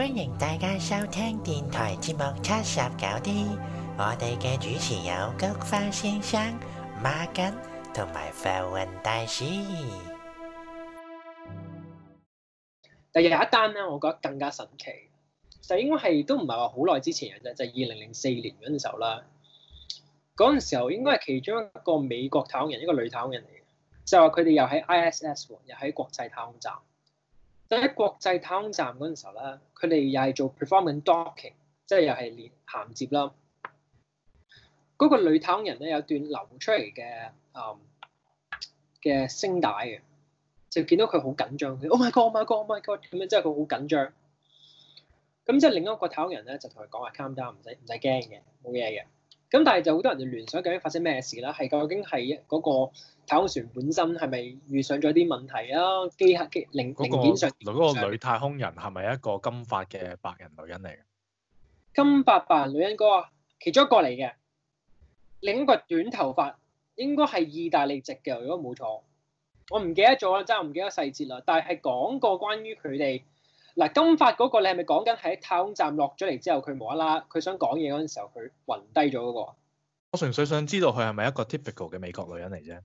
歡迎大家收聽電台節目七十九 D，我哋嘅主持有菊花先生、馬錦同埋浮雲大師。第日有一單咧，我覺得更加神奇，就應該係都唔係話好耐之前嘅啫，就係二零零四年嗰陣時候啦。嗰陣時候應該係其中一個美國太空人，一個女太空人嚟嘅，就係話佢哋又喺 ISS，又喺國際太空站。喺國際太空站嗰陣時候咧，佢哋又係做 performance docking，即係又係連銜接啦。嗰個女太空人咧，有段流出嚟嘅誒嘅聲帶嘅，就見到佢好緊張。佢：Oh my god！Oh my god！Oh my god！咁樣即係佢好緊張。咁即係另一個太空人咧，就同佢講話 calm down，唔使唔使驚嘅，冇嘢嘅。咁但係就好多人就聯想究竟發生咩事啦？係究竟係一嗰個太空船本身係咪遇上咗啲問題啊？機械機零、那個、零件上嗰個女太空人係咪一個金髮嘅白人女人嚟嘅？金髮白人女人哥啊，其中一個嚟嘅，另一個短頭髮，應該係意大利籍嘅，如果冇錯，我唔記得咗啦，真係唔記得細節啦，但係講過關於佢哋。嗱，金髮嗰個你係咪講緊喺太空站落咗嚟之後佢無啦啦佢想講嘢嗰陣時候佢暈低咗嗰個？我純粹想知道佢係咪一個 typical 嘅美國女人嚟啫。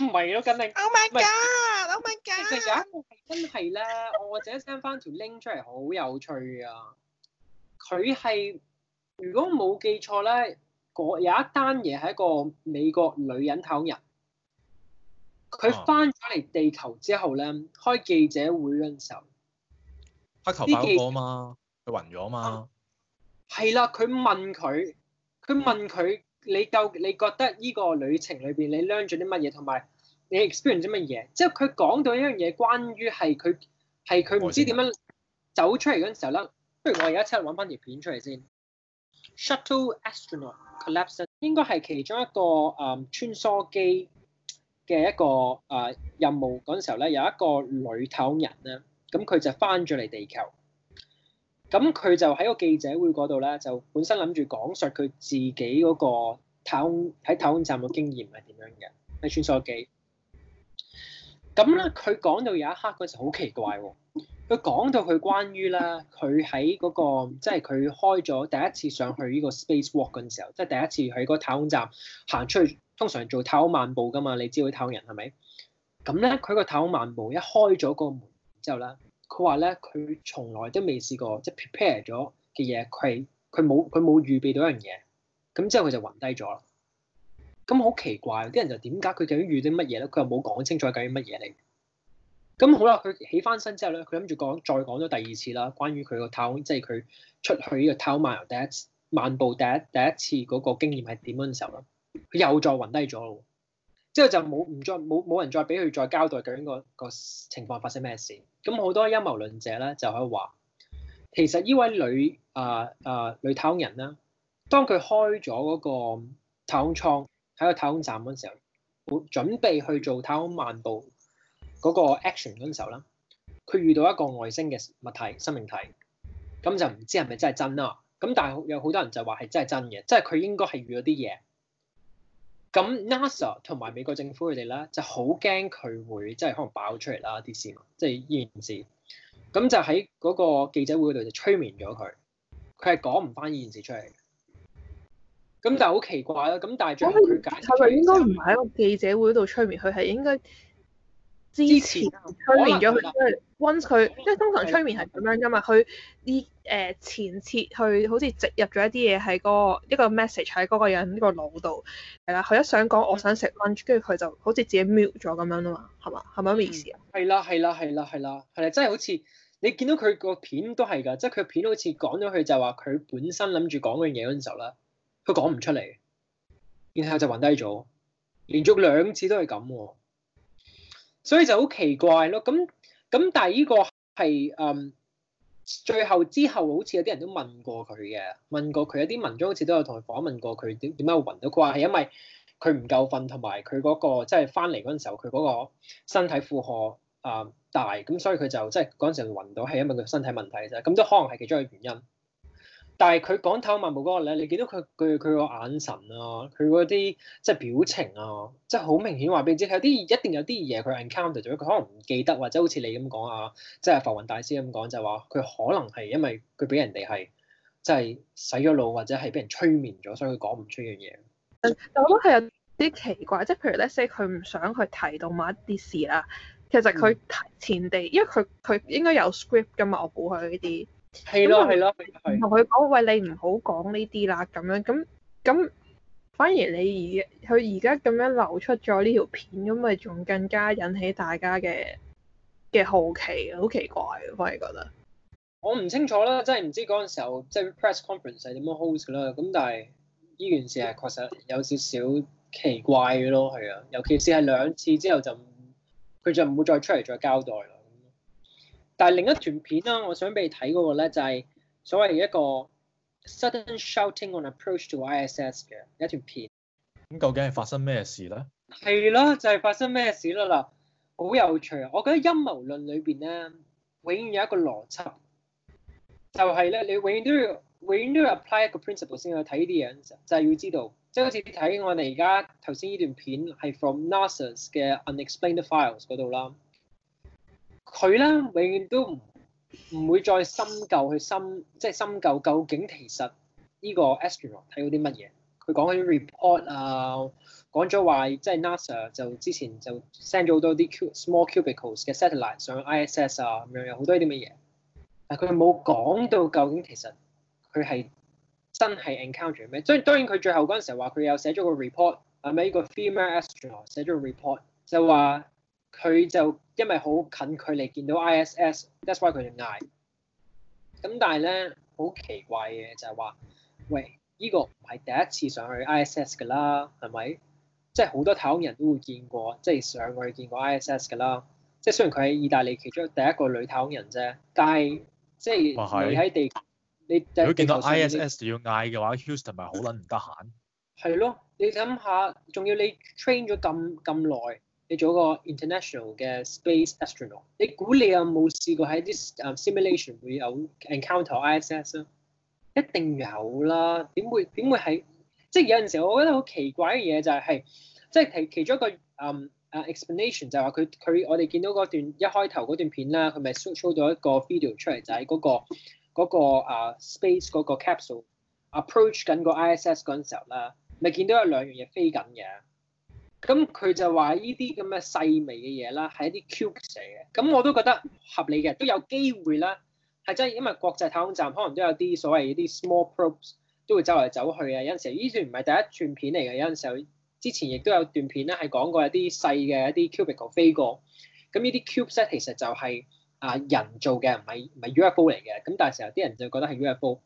唔係咯，肯定。Oh my god! Oh my god! 真係咧，我或者 send 翻條 link 出嚟，好有趣啊！佢係如果冇記錯咧，有一單嘢係一個美國女人偷人。佢翻咗嚟地球之後咧，開記者會嗰陣時候，黑球爆過啊嘛，佢暈咗啊嘛。係啦，佢問佢，佢問佢，你夠你覺得呢個旅程裏邊你 learn 咗啲乜嘢，同埋你 experience 啲乜嘢？即係佢講到一樣嘢，關於係佢係佢唔知點樣走出嚟嗰陣時候咧。不如我而家即刻揾翻條片出嚟先。Shuttle astronaut collapse，應該係其中一個誒、嗯、穿梭機。嘅一個啊、呃、任務嗰陣時候咧，有一個女太空人咧，咁佢就翻咗嚟地球，咁佢就喺個記者會嗰度咧，就本身諗住講述佢自己嗰個太空喺太空站嘅經驗係點樣嘅，係穿梭機。咁咧，佢講到有一刻嗰陣時好奇怪喎、哦，佢講到佢關於咧，佢喺嗰個即係佢開咗第一次上去呢個 space walk 嗰陣時候，即係第一次喺嗰太空站行出去。通常做太空漫步㗎嘛，你知道太空人係咪？咁咧，佢個太空漫步一開咗個門之後啦，佢話咧，佢從來都未試過即係 prepare 咗嘅嘢，佢佢冇佢冇預備到一樣嘢，咁之後佢就暈低咗啦。咁好奇怪，啲人就點解佢究竟預定乜嘢咧？佢又冇講清楚究竟乜嘢嚟。咁好啦，佢起翻身之後咧，佢諗住講再講咗第二次啦，關於佢個太空，即係佢出去呢個太空漫遊第一次漫步第一第一次嗰個經驗係點樣嘅時候啦。佢又再暈低咗，咯之後就冇唔再冇冇人再俾佢再交代究竟，個個情況發生咩事？咁好多陰謀論者咧就喺度話，其實呢位女啊、啊、呃呃、女太空人啦，當佢開咗嗰個太空艙喺個太空站嗰時候，準備去做太空漫步嗰個 action 嗰陣時候啦，佢遇到一個外星嘅物體、生命體，咁就唔知係咪真係真啦？咁但係有好多人就話係真係真嘅，即係佢應該係遇到啲嘢。咁 NASA 同埋美國政府佢哋咧就好驚佢會即係、就是、可能爆出嚟啦啲事，即係呢件事。咁就喺嗰個記者會度就催眠咗佢，佢係講唔翻呢件事出嚟。咁但係好奇怪啦，咁但係最後佢解釋，係咪應該唔喺個記者會度催眠佢係應該？之前催眠咗佢，即係 once 佢即係通常催眠係咁樣噶嘛，佢呢誒前設去好似植入咗一啲嘢喺個一個 message 喺嗰個人呢個腦度係啦，佢一想講我想食，跟住佢就好似自己 mute 咗咁樣啦嘛，係嘛，係咪咁嘅意思啊？係啦係啦係啦係啦係啦，真係好似你見到佢個片都係㗎，即係佢片好似講咗，佢就話佢本身諗住講嗰樣嘢嗰陣時候啦，佢講唔出嚟，然後就暈低咗，連續兩次都係咁。所以就好奇怪咯，咁咁，但係呢個係嗯，最後之後好似有啲人都問過佢嘅，問過佢有啲文章好似都有同佢訪問過佢點點解會暈到佢？話，係因為佢唔夠瞓同埋佢嗰個即係翻嚟嗰陣時候佢嗰個身體負荷啊、嗯、大，咁所以佢就即係嗰陣時暈到係因為佢身體問題嘅啫，咁都可能係其中一個原因。但係佢講透萬無嗰個咧，你見到佢佢佢個眼神啊，佢嗰啲即係表情啊，即係好明顯話俾你知，有啲一定有啲嘢佢 encounter 咗，佢可能唔記得，或者好似你咁講啊，即係浮雲大師咁講就話，佢可能係因為佢俾人哋係即係洗咗腦，或者係俾人催眠咗，所以佢講唔出嘅嘢。但係我都係有啲奇怪，即係譬如咧，say 佢唔想去提到某一啲事啦，其實佢提前地，因為佢佢應該有 script 㗎嘛，我估佢呢啲。係咯係咯，係同佢講，喂，你唔好講呢啲啦，咁樣，咁咁，反而你而佢而家咁樣流出咗呢條片，咁咪仲更加引起大家嘅嘅好奇，好奇怪，我係覺得。我唔清楚啦，真係唔知陣時候即係、就是、press conference 係點樣 hold 啦。咁但係依件事係確實有少少奇怪嘅咯，係啊，尤其是係兩次之後就佢就唔會再出嚟再交代。但係另一段片啦，我想俾你睇嗰個咧，就係所謂一個 sudden shouting on approach to ISS 嘅一段片。咁究竟係發生咩事咧？係啦，就係、是、發生咩事啦嗱？好有趣啊！我覺得陰謀論裏邊咧，永遠有一個邏輯，就係咧，你永遠都要永遠都要 apply 一個 principle 先去睇呢啲嘢，就係、是、要知道，即係好似你睇我哋而家頭先呢段片係 from NASA 嘅 unexplained files 嗰度啦。佢咧永遠都唔唔會再深究去深，即係深究究竟其實呢個 astronaut 睇到啲乜嘢。佢講緊 report 啊，講咗話即係 NASA 就之前就 send 咗好多啲 small cubicles 嘅 satellite 上 ISS 啊，咁樣有好多啲乜嘢。但佢冇講到究竟其實佢係真係 encounter 咩？所以當然佢最後嗰陣時話佢有寫咗個 report，係咪呢個 female astronaut 寫咗個 report 就話。佢就因為好近距離見到 ISS，that's why 佢就嗌。咁但係咧好奇怪嘅就係話，喂，呢個唔係第一次上去 ISS 嘅啦，係咪？即係好多太空人都會見過，即係上去見過 ISS 嘅啦。即係雖然佢係意大利其中第一個女太空人啫，但係即係你喺地，你如果見到 ISS，你見到 ISS 要嗌嘅話，Houston 咪好撚唔得閒。係咯，你諗下，仲要你 train 咗咁咁耐。你做個 international 嘅 space astronaut，你估你有冇試過喺啲 simulation 會有 encounter ISS 啊？一定有啦。點會點會係？即係有陣時，我覺得好奇怪嘅嘢就係，係即係其其中一個誒誒、um, uh, explanation 就係話佢，佢我哋見到嗰段一開頭嗰段片啦，佢咪 show 咗一個 video 出嚟，就係嗰個嗰個 uh, space 嗰個 capsule approach 緊個 ISS 嗰陣時候啦，咪見到有兩樣嘢飛緊嘅。咁佢就話呢啲咁嘅細微嘅嘢啦，係一啲 CubeSat 嘅，咁我都覺得合理嘅，都有機會啦，係真係因為國際太空站可能都有啲所謂啲 small probes 都會走嚟走去嘅，有陣時依段唔係第一段片嚟嘅，有陣時候之前亦都有段片咧係講過一啲細嘅一啲 CubeSat 飛過，咁呢啲 CubeSat 其實就係啊人做嘅，唔係唔係 UFO 嚟嘅，咁但係時候啲人就覺得係 UFO。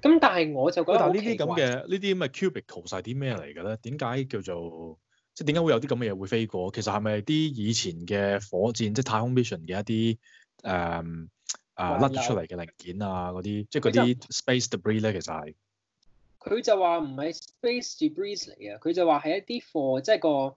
咁但係我就覺得，呢啲咁嘅呢啲咁嘅 cubicle 晒啲咩嚟嘅咧？點解哇叫做即係點解會有啲咁嘅嘢會飛過？其實係咪啲以前嘅火箭即係、就是、太空 mission 嘅一啲誒誒甩出嚟嘅零件啊，嗰啲，即係嗰啲 space debris 咧？其實係佢就話唔係 space debris 嚟嘅，佢就話係一啲貨，即係個。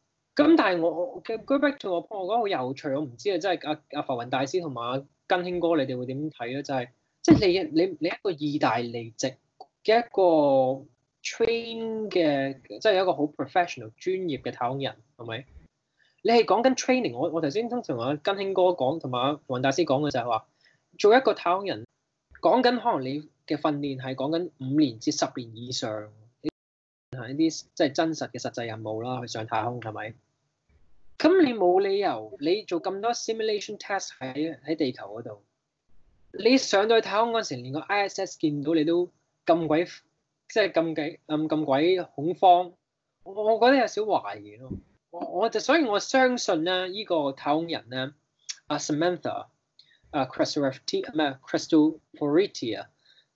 咁但係我我 go back to 我同我講好有趣，我唔知啊，即係阿阿浮雲大師同埋阿根興哥你、就是你，你哋會點睇咧？就係即係你你你一個意大利籍嘅一個 training 嘅，即、就、係、是、一個好 professional 專業嘅太空人係咪？你係講緊 training，我我頭先通常話根興哥講同埋阿浮雲大師講嘅就係話，做一個太空人講緊可能你嘅訓練係講緊五年至十年以上呢啲即係真實嘅實際任務啦，去上太空係咪？咁你冇理由，你做咁多 simulation test 喺喺地球嗰度，你上到去太空嗰陣時，連個 ISS 見到你都咁鬼，即係咁鬼咁咁鬼恐慌，我我覺得有少懷疑咯。我我就所以我相信咧，呢、這個太空人咧，阿 Samantha，阿、uh, Crystal，咩、uh, Cristoforetti，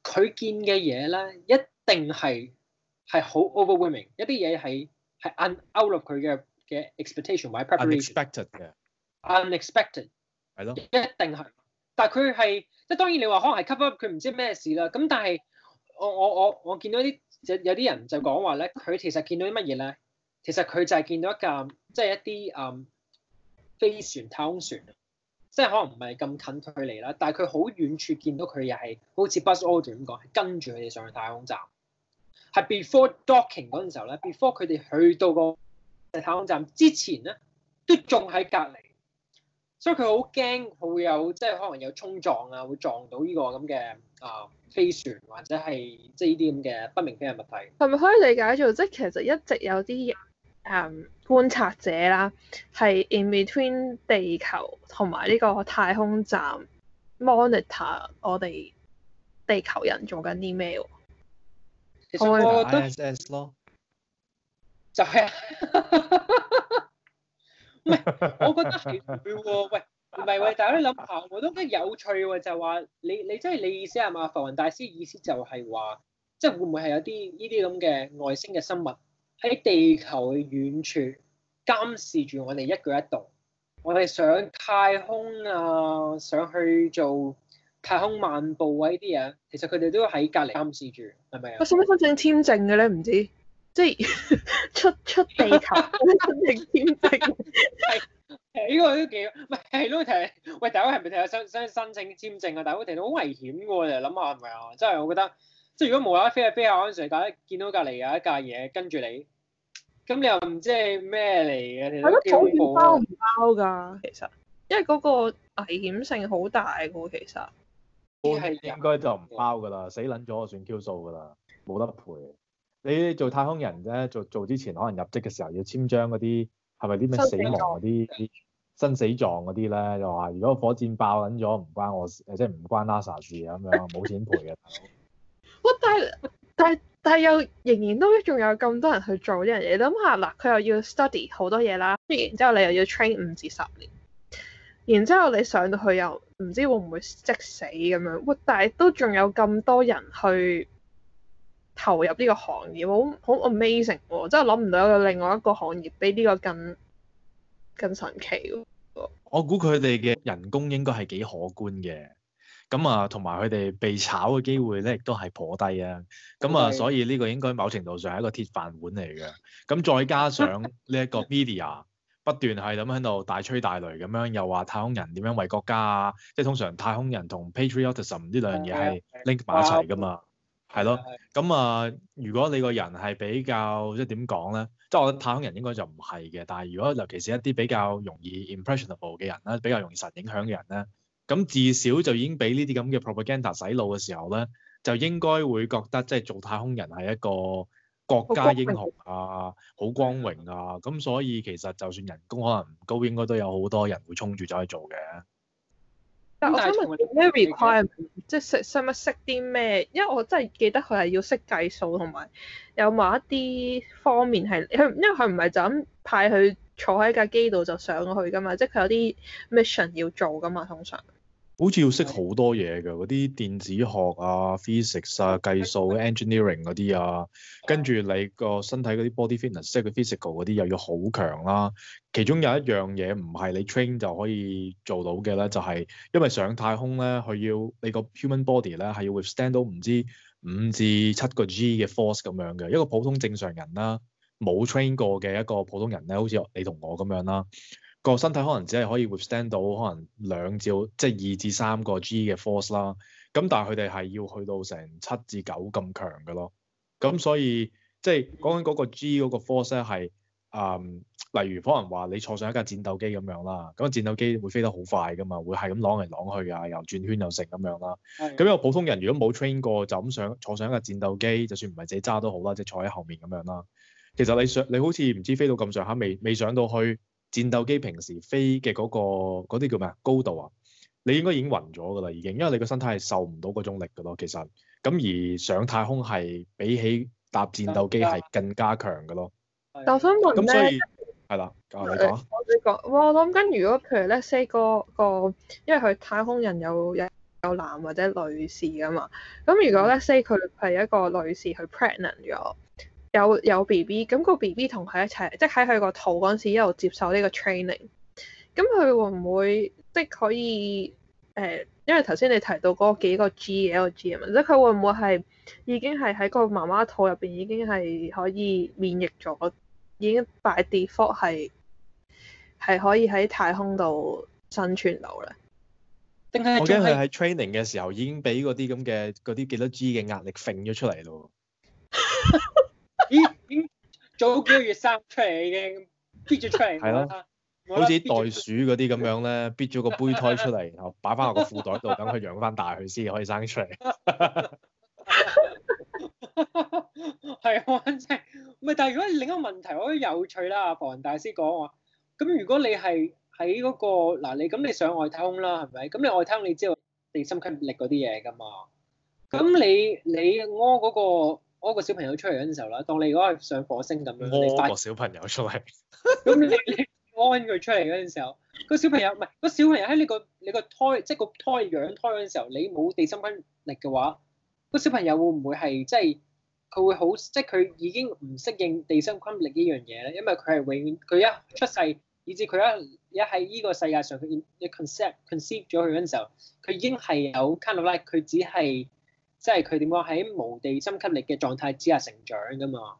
佢見嘅嘢咧一定係係好 overwhelming，一啲嘢係係係 out of 佢嘅。嘅 expectation 或 preparation，unexpected 嘅，unexpected，係咯，係嘅，一定係。但係佢係，即係當然你話可能係 cover up 佢唔知咩事啦。咁但係我我我我見到啲有啲人就講話咧，佢其實見到啲乜嘢咧？其實佢就係見到一架即係一啲啊、um, 飛船太空船，即係可能唔係咁近距離啦，但係佢好遠處見到佢又係好似 bus order 咁講，跟住佢哋上去太空站，係 before docking 嗰陣時候咧，before 佢哋去到、嗰個。太空站之前呢都仲喺隔籬，所以佢好驚佢會有即係可能有衝撞啊，會撞到呢個咁嘅啊飛船或者係即係呢啲咁嘅不明飛行物體。係咪可以理解做即係其實一直有啲誒、嗯、觀察者啦，係 in between 地球同埋呢個太空站 monitor 我哋地球人做緊啲咩喎？即係 I S S 咯。 就係，唔係，我覺得係、啊、喂，唔係喂，大家都諗下，我都覺得有趣喎。就係話，你你即係你，你意思係嘛？浮雲大師意思就係話，即係會唔會係有啲呢啲咁嘅外星嘅生物喺地球嘅遠處監視住我哋一舉一動。我哋上太空啊，上去做太空漫步啊呢啲嘢，其實佢哋都喺隔離監視住，係咪啊？我使唔使申請簽證嘅咧？唔知。即係出出地球定簽證？係，係呢個都幾唔係？係咯，提喂，大家係咪睇下申申申請簽證啊？大家提到好危險噶喎，你諗下係咪啊？真係我覺得，即係如果無啦啦飛下飛下，忽然間大家見到隔籬有一架嘢跟住你，咁你又唔知係咩嚟嘅，其實係咯，保險包唔包噶？其實，因為嗰個危險性好大噶，其實，係應該就唔包噶啦，死撚咗就算 Q 數噶啦，冇得賠。你做太空人啫，做做之前可能入職嘅時候要籤章嗰啲係咪啲咩死亡嗰啲生死狀嗰啲咧？就話如果火箭爆緊咗唔關我，誒即係唔關拉 a 事咁樣，冇錢賠嘅。哇！ 但係但係但係又仍然都仲有咁多人去做呢樣嘢。諗下嗱，佢又要 study 好多嘢啦，然之後你又要 train 五至十年，然之後你上到去又唔知會唔會即死咁樣。哇！但係都仲有咁多人去。投入呢個行業好好 amazing 喎，啊，真係諗唔到有另外一個行業比呢個更更神奇，啊、我估佢哋嘅人工應該係幾可觀嘅，咁啊同埋佢哋被炒嘅機會咧亦都係頗低啊。咁啊，所以呢個應該某程度上係一個鐵飯碗嚟嘅。咁再加上呢一個 media 不斷係咁喺度大吹大擂咁樣，又話太空人點樣為國家啊，即係通常太空人同 patriotism 呢兩樣嘢係 link 埋一 Okay.、啊、齊㗎嘛。係咯，咁啊，如果你個人係比較即係點講咧，即係我覺得太空人應該就唔係嘅，但係如果尤其是一啲比較容易 impressionable 嘅人咧，比較容易受影響嘅人咧，咁至少就已經俾呢啲咁嘅 propaganda 洗腦嘅時候咧，就應該會覺得即係做太空人係一個國家英雄啊，好光榮啊，咁、啊嗯、所以其實就算人工可能唔高，應該都有好多人會衝住走去做嘅。但我想問有咩 requirement 即係識識唔識啲咩？因為我真係記得佢係要識計數，同埋有某一啲方面係佢，因為佢唔係就咁派佢坐喺架機度就上去㗎嘛，即係佢有啲 mission 要做㗎嘛，通常。好似要識好多嘢嘅，嗰啲電子學啊、physics 啊、計數、engineering 嗰啲啊，跟住你個身體嗰啲 body fitness，即係佢 physical 嗰啲又要好強啦。其中有一樣嘢唔係你 train 就可以做到嘅咧，就係因為上太空咧，佢要你個 human body 咧係要 withstand 到唔知五至七個 G 嘅 force 咁樣嘅。一個普通正常人啦，冇 train 過嘅一個普通人咧，好似你同我咁樣啦。個身體可能只係可以 withstand 到可能兩兆，即係二至三個 G 嘅 force 啦。咁但係佢哋係要去到成七至九咁強嘅咯。咁所以即係講緊嗰個 G 嗰個 force 咧係，誒、嗯，例如可能話你坐上一架戰鬥機咁樣啦。咁戰鬥機會飛得好快㗎嘛，會係咁擋嚟擋去啊，又轉圈又成咁樣啦。咁一個普通人如果冇 train 過，就咁上坐上一架戰鬥機，就算唔係自己揸都好啦，即係坐喺後面咁樣啦。其實你想你好似唔知飛到咁上下，未未上到去。戰鬥機平時飛嘅嗰個嗰啲叫咩啊？高度啊，你應該已經暈咗㗎啦，已經，因為你個身體係受唔到嗰種力㗎咯。其實，咁而上太空係比起搭戰鬥機係更加強㗎咯。但我想問，咁所以係啦，我你講我諗緊，如果譬如咧，say 個個，因為佢太空人有有有男或者女士㗎嘛，咁如果咧，say 佢係一個女士去 pregnant 咗。有有 B B，咁個 B B 同佢一齊，即喺佢個肚嗰陣時一路接受呢個 training，咁佢會唔會即可以誒、呃？因為頭先你提到嗰幾個、GL、G L G 啊嘛，即佢會唔會係已經係喺個媽媽肚入邊已經係可以免疫咗，已經 by default 係係可以喺太空度生存到咧？我驚佢喺 training 嘅時候已經俾嗰啲咁嘅嗰啲幾多 G 嘅壓力揈咗出嚟咯～ 咦， 已經早幾個月生出嚟，已經逼咗出嚟。係咯、啊，好似、啊、袋鼠嗰啲咁樣咧，逼咗個胚胎出嚟，然後擺翻落個褲袋度，等佢 養翻大佢先可以生出嚟。係 啊，真係。唔係，但係如果你另一個問題，我覺得有趣啦。阿佛大師講話，咁如果你係喺嗰個嗱，你咁你上外太空啦，係咪？咁你外太空你知道地心吸力嗰啲嘢㗎嘛？咁你你屙嗰、那個？我個小朋友出嚟嗰陣時候啦，當你如果係上火星咁樣，我小 你你、個小朋友出嚟，咁你你我揾佢出嚟嗰陣時候，個小朋友唔係個小朋友喺你個你個胎，即係個胎養胎嗰陣時候，你冇地心引力嘅話，個小朋友會唔會係即係佢會好，即係佢已經唔適應地心引力呢樣嘢咧？因為佢係永遠佢一出世，以至佢一而喺呢個世界上佢已經 concept conceive 咗佢嗰陣時候，佢已經係有 kind of like 佢只係。即係佢點講喺無地心吸力嘅狀態之下成長噶嘛？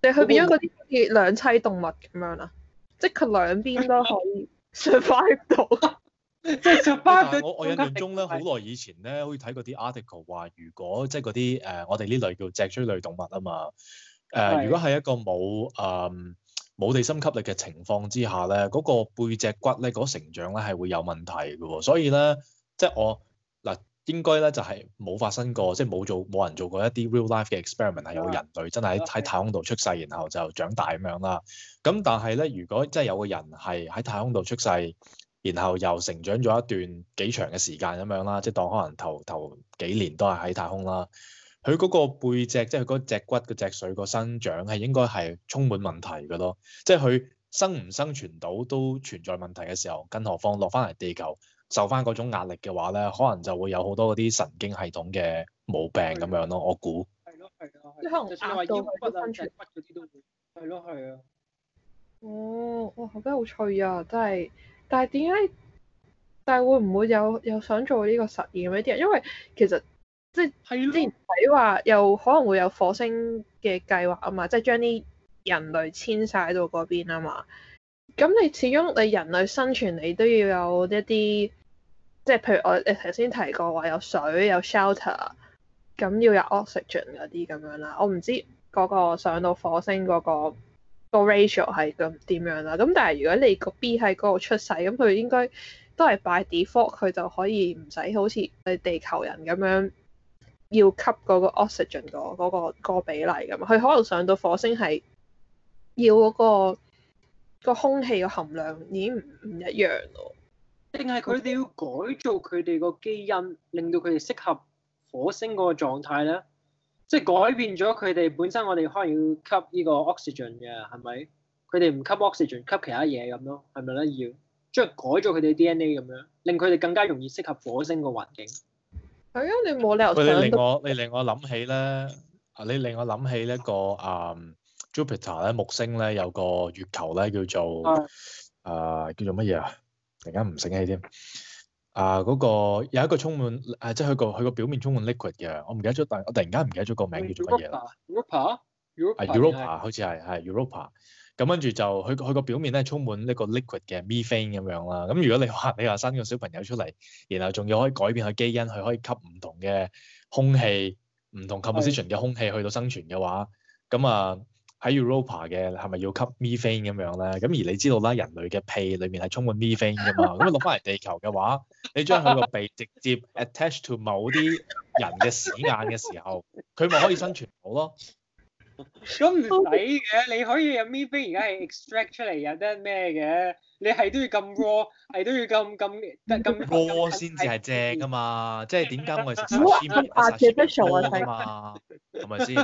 你去變咗嗰啲似兩棲動物咁樣啊，即佢兩邊都可以 survive 到。即係 survive 到。我我印象中咧， 好耐以前咧，好似睇嗰啲 article 話，如果即係嗰啲誒，我哋呢類叫脊椎類動物啊嘛，誒、呃，是的 如果喺一個冇誒冇地心吸力嘅情況之下咧，嗰、那個背脊骨咧嗰、那個、成長咧係會有問題嘅喎。所以咧，即係我。應該咧就係冇發生過，即係冇做冇人做過一啲 real life 嘅 experiment 係有人類真係喺喺太空度出世，然後就長大咁樣啦。咁但係咧，如果即係有個人係喺太空度出世，然後又成長咗一段幾長嘅時間咁樣啦，即係當可能頭頭幾年都係喺太空啦，佢嗰個背脊即係嗰隻骨嗰隻水個生長係應該係充滿問題嘅咯。即係佢生唔生存到都存在問題嘅時候，更何況落翻嚟地球。受翻嗰種壓力嘅話咧，可能就會有好多嗰啲神經系統嘅毛病咁樣咯，我估。係咯，係咯，即可能壓力都分係咯，係啊。哦，哇，後邊好脆啊，真係。但係點解？但係會唔會有有想做呢個實驗呢啲人？因為其實即係的之前啲話又可能會有火星嘅計劃啊嘛，即係將啲人類遷曬到嗰邊啊嘛。咁你始終你人類生存，你都要有一啲。即係譬如我你頭先提過話有水有 shelter，咁要有 oxygen 嗰啲咁樣啦。我唔知嗰個上到火星嗰個個 ratio 係咁點樣啦。咁但係如果你個 B 喺嗰度出世，咁佢應該都係 by default 佢就可以唔使好似你地球人咁樣要吸嗰個 oxygen 嗰嗰個個比例咁。佢可能上到火星係要嗰個個空氣嘅含量已經唔唔一樣咯。定係佢哋要改造佢哋個基因，令到佢哋適合火星嗰個狀態咧，即係改變咗佢哋本身。我哋可能要吸呢個 Oxygen 嘅，係咪？佢哋唔吸 Oxygen，吸其他嘢咁咯，係咪咧？要將佢改咗佢哋 DNA 咁樣，令佢哋更加容易適合火星個環境。係啊，你冇理由。佢你令我你令我諗起咧，你令我諗起呢個啊 Jupiter 咧，木星咧，有個月球咧，叫做啊叫做乜嘢啊？突然間唔醒氣添，啊嗰個有一個充滿，誒即係佢個佢個表面充滿 liquid 嘅，我唔記得咗，但我突然間唔記得咗個名叫做乜嘢啦。Europa，Europa，啊 Europa 好似係係 Europa，咁跟住就佢佢個表面咧充滿呢個 liquid 嘅 methane 咁樣啦。咁如果你話你話生個小朋友出嚟，然後仲要可以改變佢基因，佢可以吸唔同嘅空氣，唔同 composition 嘅空氣去到生存嘅話，咁啊～喺 Europa 嘅係咪要吸 methane 咁樣咧？咁而你知道啦，人類嘅屁裡面係充滿 methane 㗎嘛。咁你落翻嚟地球嘅話，你將佢個鼻直接 attach to 某啲人嘅屎眼嘅時候，佢咪可以生存到咯？咁唔使嘅，你可以有微菲而家係 extract 出嚟入得咩嘅？你係都要咁 raw，係都要咁咁咁先至係正噶嘛？即係點解我食三千蚊阿 special 啊？係咪先？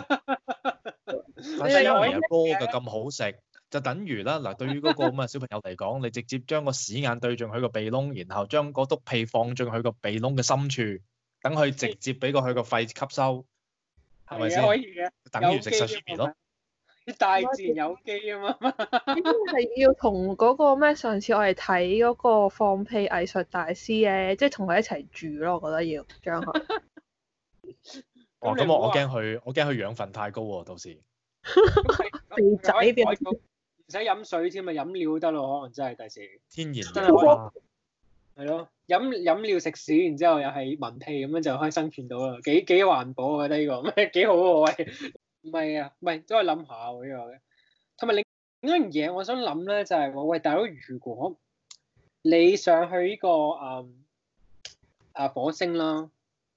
反正 因為 raw 嘅咁好食，就等於啦嗱，對於嗰個咁嘅小朋友嚟講， 你直接將個屎眼對進佢個鼻窿，然後將嗰督屁放進佢個鼻窿嘅深處，等佢直接俾個佢個肺吸收。係咪先？是是可以嘅。等於有機咯， S ash 大自然有機啊嘛嘛。係要同嗰、嗰個咩？上次我哋睇嗰個放屁藝術大師咧，即係同佢一齊住咯。我覺得要張學。 哦，咁我我驚佢，我驚佢養分太高喎，到時。 肥仔邊唔使飲水添咪飲料得咯，可能真係第四。天然 係咯，飲飲料食屎，然之後又係聞屁咁樣就可以生存到啦，幾幾環保啊！覺得呢個幾好喎，啊，喂，唔係啊，唔係，都係諗下喎，啊，呢，這個嘅。同埋另一樣嘢，我想諗咧就係，是，我喂，大佬，如果你上去呢，這個嗯啊火星啦，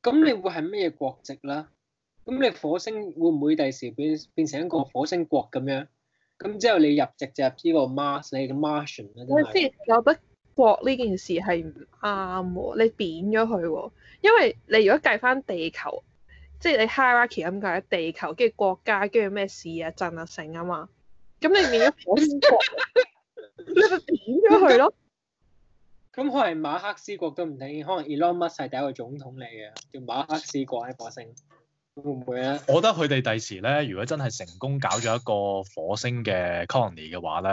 咁你會係咩嘢國籍啦？咁你火星會唔會第時變變成一個火星國咁樣？咁之後你入籍就入呢個 Mars，你 Martian 啊？我有不？國呢件事係唔啱喎，你扁咗佢喎，因為你如果計翻地球，即係你 hierarchy 咁計，地球跟國家跟住咩事啊震啊城啊嘛，咁你免咗火星國， 你咪扁咗佢咯。咁 可能馬克思國都唔定，可能 Elon Musk 係第一個總統嚟嘅，叫馬克思國喺火星。會唔會咧？我覺得佢哋第時咧，如果真係成功搞咗一個火星嘅 colony 嘅話咧，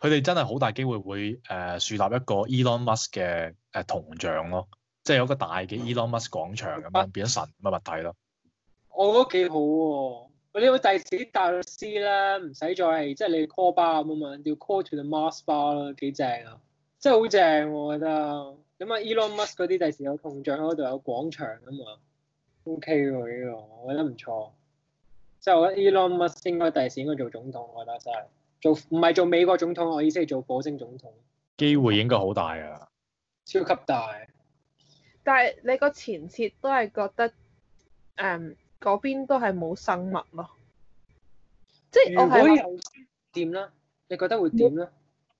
佢哋真係好大機會會誒樹立一個 Elon Musk 嘅誒銅像咯，即係有一個大嘅 Elon Musk 廣場咁樣變咗神咁嘅物體咯。我覺得幾好喎，你話第時大律師咧，唔使再係即係你 call 巴咁啊嘛，叫 Call to the Mars Bar 啦，幾正啊！真係好正，啊、我覺得。咁啊，Elon Musk 嗰啲第時銅有銅像喺度，有廣場啊嘛。O K 喎，呢、okay 呢個覺我覺得唔、e、錯。即係我覺得 Elon Musk 應該第時應該做總統，我覺得真係做唔係做美國總統，我意思係做火星總統。機會應該好大啊！超級大。但係你個前設都係覺得誒嗰、um, 邊都係冇生物咯。即係如果又點咧？你覺得會點咧？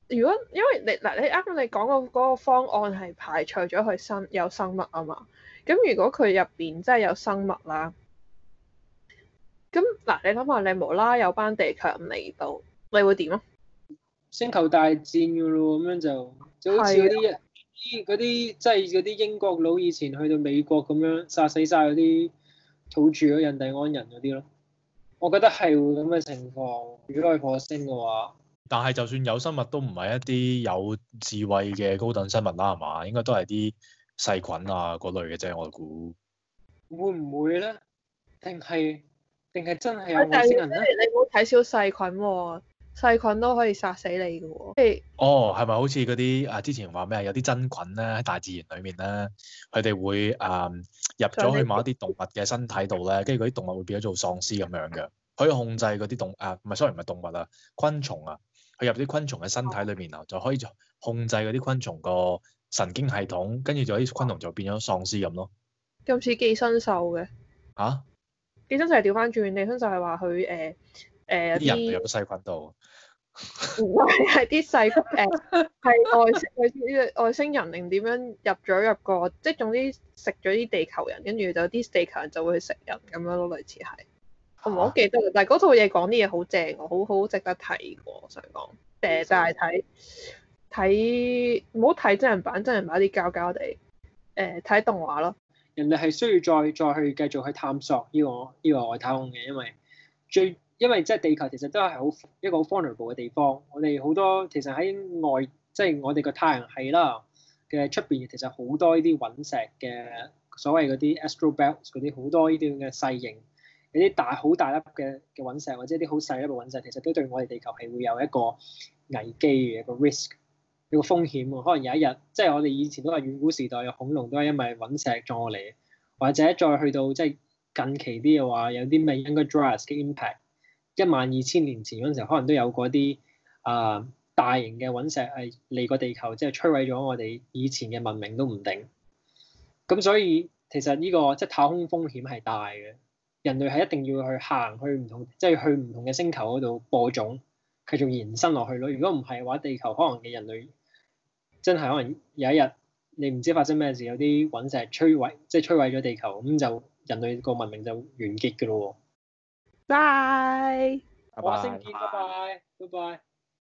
如果因為你嗱你啱啱你講個嗰個方案係排除咗佢生有生物啊嘛？是咁如果佢入邊真係有生物啦，咁嗱、啊，你諗下，你無啦有班地球嚟到你會點啊？星球大戰噶咯，咁樣就就好似嗰啲啲即係啲英國佬以前去到美國咁樣，殺死晒嗰啲土著嗰印第安人嗰啲咯。我覺得係會咁嘅情況，如果係火星嘅話。但係就算有生物，都唔係一啲有智慧嘅高等生物啦，係嘛？應該都係啲。細菌啊，嗰類嘅啫，我估會唔會咧？定係定係真係有外星人咧？你唔好睇少細菌喎、啊，細菌都可以殺死你嘅喎、啊。即係哦，係咪好似嗰啲啊？之前話咩有啲真菌咧，喺大自然裏面咧，佢哋會啊入咗去某一啲動物嘅身體度咧，跟住嗰啲動物會變咗做喪屍咁樣嘅，可以控制嗰啲動啊，唔係 sorry 唔係動物啊，昆蟲啊，佢入啲昆蟲嘅身體裏面啊，嗯、就可以控制嗰啲昆蟲，嗰個神經系統，跟住就啲昆蟲就變咗喪屍咁咯，咁似寄生獸嘅，吓、啊？寄生獸係掉返轉，寄生獸係話佢誒誒啲人入咗細菌度，唔係啲細菌誒，係外星佢呢外星人定點樣入咗入過，即係總之食咗啲地球人，跟住就啲地球人就會去食人咁樣咯，類似係，我唔係好記得，但係嗰套嘢講啲嘢好正，我好好值得睇過，想、嗯、講，成大睇。睇唔好睇真人版，真人版啲膠膠哋。誒、呃，睇動畫咯。人哋係需要再再去繼續去探索呢、這個呢、這個外太空嘅，因為最因為即係地球其實都係好一個好 vulnerable 嘅地方。我哋好多其實喺外即係、就是、我哋個太陽系啦嘅出邊，面其實好多呢啲隕石嘅所謂嗰啲 asteroids 嗰啲好多呢啲咁嘅細型有啲大好大粒嘅嘅隕石，或者啲好細粒嘅隕石，其實都對我哋地球係會有一個危機嘅一個 risk。有個風險喎，可能有一日，即係我哋以前都話遠古時代嘅恐龍都係因為隕石撞嚟，或者再去到即係近期啲嘅話，有啲咩 Younger Dryas 嘅 impact，一萬二千年前嗰陣時候可能都有嗰啲啊大型嘅隕石係嚟過地球，即係摧毀咗我哋以前嘅文明都唔定。咁所以其實呢個即係太空風險係大嘅，人類係一定要去行去唔同，即係去唔同嘅星球嗰度播種，繼續延伸落去咯。如果唔係嘅話，地球可能嘅人類。真係可能有一日你唔知發生咩事，有啲隕石摧毀，即係摧毀咗地球，咁就人類個文明就完結㗎咯喎。Bye。Bye bye. 我先見，拜拜，拜拜。